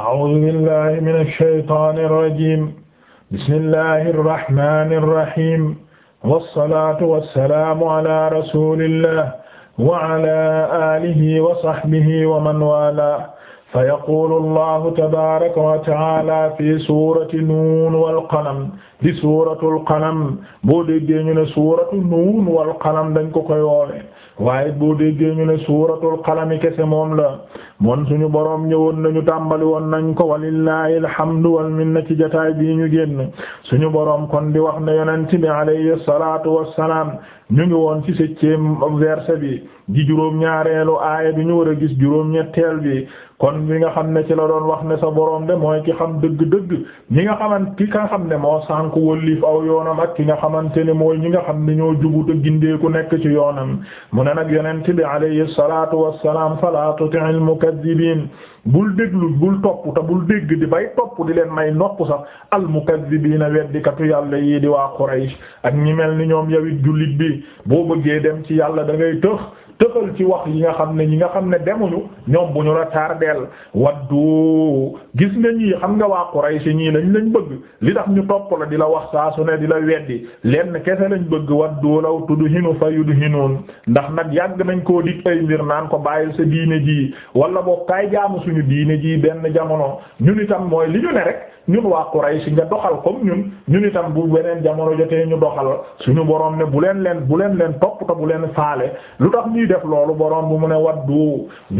a'uuzu billaahi mina shaytaani rajiim bismillaahi rahmaani rahiim wassalaatu wassalaamu alaa rasuulillaah wa alaa aalihi wa sahbihi wa man waalaah fa yaquulu allahu tabaaraka wa ta'aala fi suurati nuun wal qalam di suuratul qalam boo déggee ñu ne suuratu nuun wal qalam dañ ko koy woowe waaye boo déggee ñu ne suuratul qalami kese moom la moon suñu boroom ñëwoon nañu tàmbali woon nañ ko walillahi alhamdu wal minna ci jataay bii ñu génn suñu boroom kon di wax ne yonent bi alayhi salaatu wassalaam ñu ngi woon ci septième verset bi di juróom ñaareelu aaya bi ñu war a gis juróom ñetteel bi kon bi nga xam ne ci la doon wax ne sa boroom de mooy ki xam dëgg-dëgg ñi nga xaman ki ka xam ne moo sànk wëlliif aw yoonam ak ki nga xamante ne mooy ñi nga xam ne ñoo jubu te ku nekk ci yoonam mu ne nag yonent bi alayhi salaatu wassalaam fala tuti'il mukazzibiin bul déglu bul topp te bul dégg di bay topp di leen may nopp sax al mukazzibiina weddikatu yàlla yii di waa Quraysh ak ñi mel ni ñoom yawit jullit bi boo bëggee dem ci yàlla da ngay tëx tëxal ci wax yi nga xam ne ñi nga xam ne demuñu ñoom bu ñu la tardeel waddu gis nga ñii xam nga waa Quraysh ñii lañ lañ bëgg li tax ñu topp la di la wax saa su ne di la weddi lenn kese lañ bëgg waddu law tudhinu fayudhinuun ndax nag yàgg nañ koo dig ay mbir naan ko bàyyil sa diine ji wala boo kaay jaamu suñu diine jii benn jamono ñun itam mooy li ñu ne rek ñun waa Quraysh nga doxal comme ñun ñun itam bu beneen jamono jotee ñu doxal suñu borom ne bu leen leen bu leen leen topp ta leen faale def loolu boroom bu mu ne waddu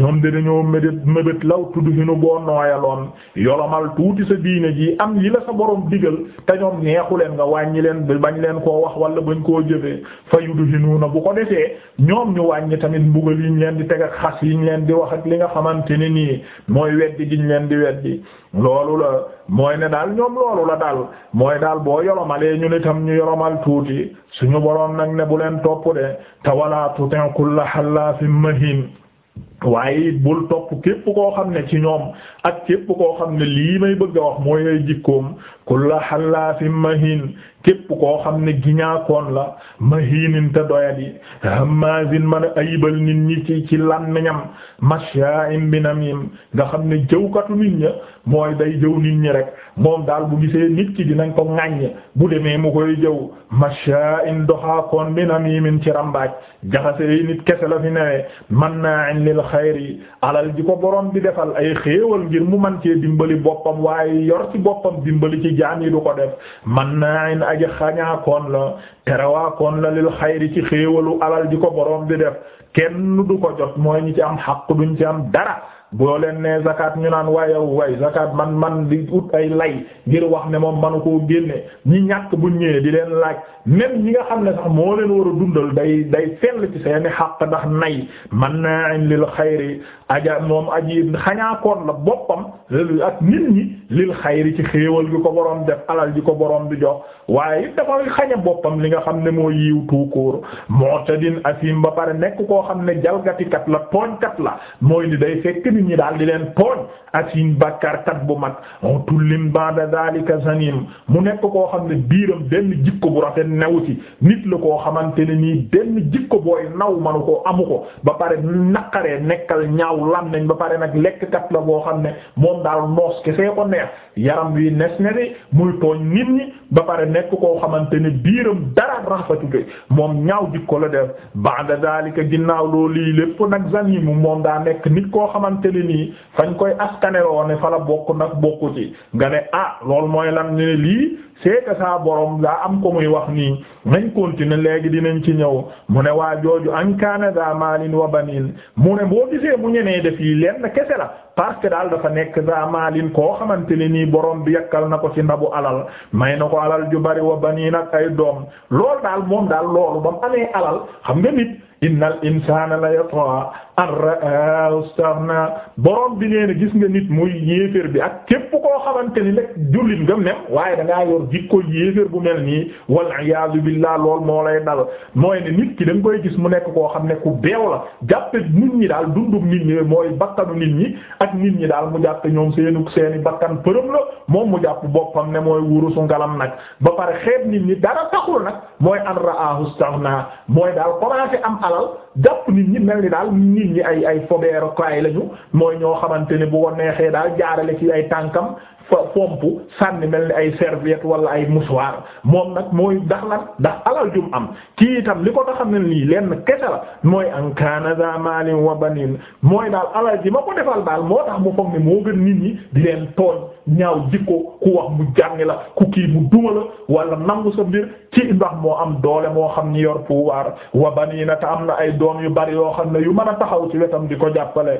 ñoom de dañoo mébét mébét law tudd hinu boo nooyaloon yolomal tuuti sa diine ji am yi la sa borom digal te ñoom neexu leen nga wàññi leen bañ leen koo wax wala bañ koo jëfee fa yudu hinu na bu ko defee ñoom ñu wàññi tamit mbugal yiñ leen di teg ak xas yiñ leen di wax ak li nga xamante ni nii mooy weddi giñ leen di weddi loolu la mooy ne daal ñoom loolu la daal mooy daal boo yoromalee ñu ne tam ñu yoromal tuuti suñu boroom nag ne bu leen topp de te wala tutin kulla hallafin mahin waaye bul topp képp koo xam ne ci ñoom ak képp koo xam ne lii may bëgg a wax mooy ay jikkoom kulla xallaafin mahin képp koo xam ne giñaakon la mahinin te doyadi hamazin man a ayibal nit ñi ci ci làmmiñam mashyaa'in binamim nga xam ne jëwkatu nit ña mooy day jëw nit ñi rek moom daal bu gisee nit ki dinañ ko ŋàññ bu demee mu koy jëw mashyaa'in doxaakoon binamimin ci rambaaj jaxase nit kese la fi newee mannaa'in lil xayri alal ji ko borom bi defal ay xéewal ngir mu man cee dimbali boppam waaye yor ci boppam dimbali ci jaam yi du ko def man naain aji xañaakoon la terawaakoon la lil xayri ci xéewalu alal ji ko borom bi def kenn du ko jot mooy ñi ci am xaq duñ ci am dara boo leen nee zakat ñu naan waaye way zakat man man di ut ay lay ngir wax ne moom manu koo génne ñi ñàkk bu ñëwee di leen laaj même ñi nga xam ne sax moo leen war a dundal day day fell ci seeni xaq ndax nay man naa lil xayri aja moom aji xañaakoon la boppam ak nit ñi lil xayri ci xéewal gi ko boroom def alal ji ko boroom di jox waaye it dafa xañe boppam li nga xam ne moo yiw tuukóor mu'tadin asim ba pare nekk koo xam ne jalgatikat la tooñkat la mooy ni day fekk nit ñi daal di leen tooñ asim bakkarkat bu mag tullim ba'da sa zanim mu nekk koo xam ne biiram denn jikko bu rafet newu ci nit la koo xamante ne nii benn jikko booy naw manu ko amu ko ba pare naqaree nekkal ñaaw lam nañ ba pare nag lekkkat la boo xam ne moom daal noos kese ko neex yaram wi nes nit ñi ko koo xamante ne biiram dara rafatu ko moom ñaaw ko la def ba'da zalika ginnaaw loolu lii lépp nag zanimu moom daa nekk nit koo xamante ne nii fañ koy askanewoon ne fa la bokk nag bokku ci nga ne ah loolu mooy lan ne lii c'est que sa borom am ko muy wax nii nañ continuer léegi dinañ ci ñëw mu ne waa jooju an kaana daa maalin wa baniin mu ne boo gisee mu ñenee def yi lenn kese la parce que daal dafa nekk daa maalin koo xamante ne nii borom bi yakkal na ko ci ndabu alal may na ko alal ju bari wa baniin ak ay doom loolu daal moom daal loolu ba mu amee alal xam nga nit innal insaana la yatghaa an ra'aahu istaghna borom bi nee na gis nga nit muy yéeféer bi ak képp koo xamante ni rek jullit nga ne waaye da ngaa yor jikko yéeféer bu mel nii wal iyaazu billaah lool moo lay dal mooy ne nit ki da koy gis mu nekk koo xam ne ku beew la jàppe nit ñi daal dundum nit ñi mooy bakkanu nit ñi ak nit ñi daal mu jàppe ñoom seenu seeni bakkan përëm la moom mu jàpp boppam ne mooy wurusu ngalam nag ba pare xeeb nit ñi daal commencé am alal jàpp nit ñi mel ni daal nit ñi ay ay fobeeru kaay lañu mooy ñoo xamante ne bu ko neexee daal jaarale ci ay tànkam pompe sànni mel ni ay serviette wala ay mouchoir moom nag mooy ndax lan ndax alal jum am ci itam li ko xam ne nii lenn kese la mooy an kaana daa maalin wa baniin mooy daal alal ji ma ko defal daal moo tax mu foog moo gën nit ñi di leen tooñ ñaaw jikko ku wax mu jàngi la ku kii mu duma la wala nangu sa mbir ci ndax moo am doole moo xam ni yor waar wa baniina te am na ay doom yu bari yoo xam ne yu mën a taxaw ci wetam di ko jàppale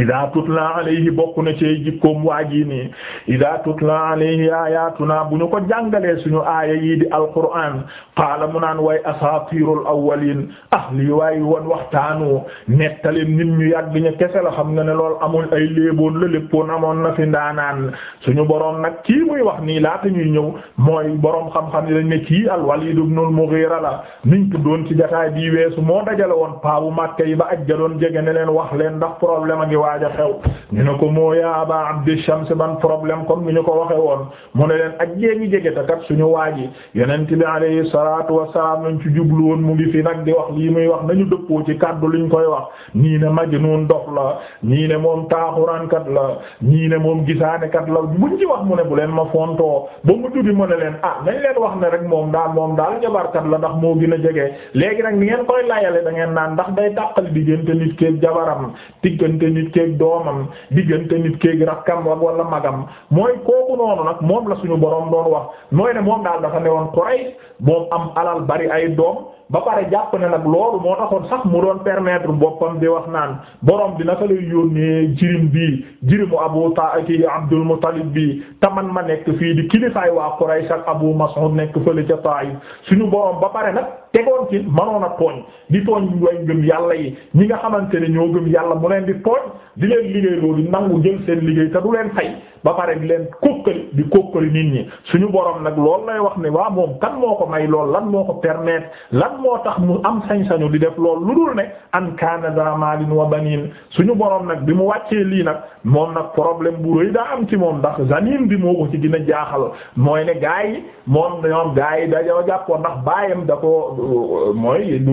ida tutla alayhi bokk na ci jikkoom waa ji nii ida tutla alayhi ayatuna bu ñu ko jàngalee suñu aaya yii di alquran qaala mu naan way asatirul awwalin ah lii waay woon waxtaanu nettaleen nit ñu yàgg ñu kese la xam nga ne lool amul ay léeboon la léppoon amoon na fi ndaanaan suñu boroom nag kii muy wax nii laata ñuy ñëw mooy boroom xam-xam ni dañ ne kii al-Walid ibn al-Mughira la niñ tuddoon ci jotaay bii weesu moo dajale woon paabu Makka yi ba ajja doon jege ne leen wax leen ndax waaj a xew ñu ne ko moo yaa Aba Abdi Shams ban problème comme ni ñu ko waxe woon mu ne leen ak jéegi jege ta kat suñu waaji yonent bi alayhi salaatu wassalaam lañ ci jublu woon mu ngi fi nag di wax lii muy wax nañu dëppoo ci kàddu liñ koy wax ñii ne majnuun dof la ñii ne moom taaxuraankat la ñii ne moom gisaanekat la buñ ci wax mu ne bu leen ma fontoo ba mu tuddi mu ne leen ah nañ leen wax ne rek moom daal moom daal jabarkat la ndax moo gën a jege léegi nag ni ngeen koy layale da ngeen naan ndax day tàqali keeg doomam diggante nit keeg rakkam ak wala magam mooy kooku noonu nag moom la suñu borom doon wax mooy ne moom daal dafa newoon Quraysh moom am alal bari ay doom ba pare jàpp ne nag loolu moo taxoon sax mu doon permettre boppam di wax naan borom bi naka lay yónnee jirim bii jirimu Abu Taaki Abdul Muttalib bi te man ma nekk fii di kilifaay waa Quraysh ak Abu Mas'ud nekk fële ca Taif suñu borom ba pare nag tegoon ci manoon a tooñ di tooñ di leen liggéey loolu nangu jël seen liggéey te du leen fay ba pare di leen kókkali di kókkali nit ñi suñu boroom nag loolu lay wax ne waa moom kan moo ko may lool lan moo ko permettre lan moo tax mu am sañ-sañu di def lool lu dul ne an kaana za maalin wa baniin suñu borom nag bi mu wàccee lii nag moom nag problème bu rëy daa am ci moom ndax zanin bi moo ko ci gën jaaxal mooy ne gaa yi moom ñoom gaa yi dañoo jàppoon ndax baayam da ko mooy du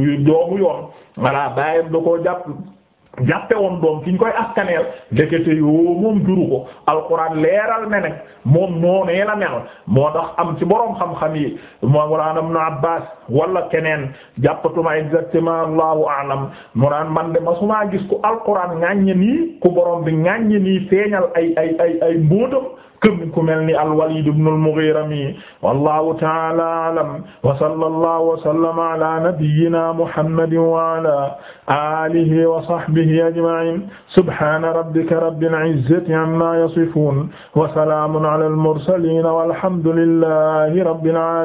jàppe woon doom ki koy askaneel ndekete yoo moom juru ko alxuraan leeral ne nag moom noonee la mel moo tax am ci boroom xam-xam yi mawlaana ibn Abbaas wala keneen jàppatuma exactement allahu alam mu naan man de masuma gis ku alxuraan ŋàññe ni ku boroom bi ŋàññe ni feeñal ay ay ay ay këm ku mel ni al-Walid ibn al-Mughira mi wallahu ta'ala a'lam wa sallallahu wa sallama ala nabiyyina Muhammadin wa ala alihi wa sahbihi ajma'in subhana rabbika rabbil izzati amma yasifun wa salamun ala al-mursalin walhamdulillahi rabbil alamin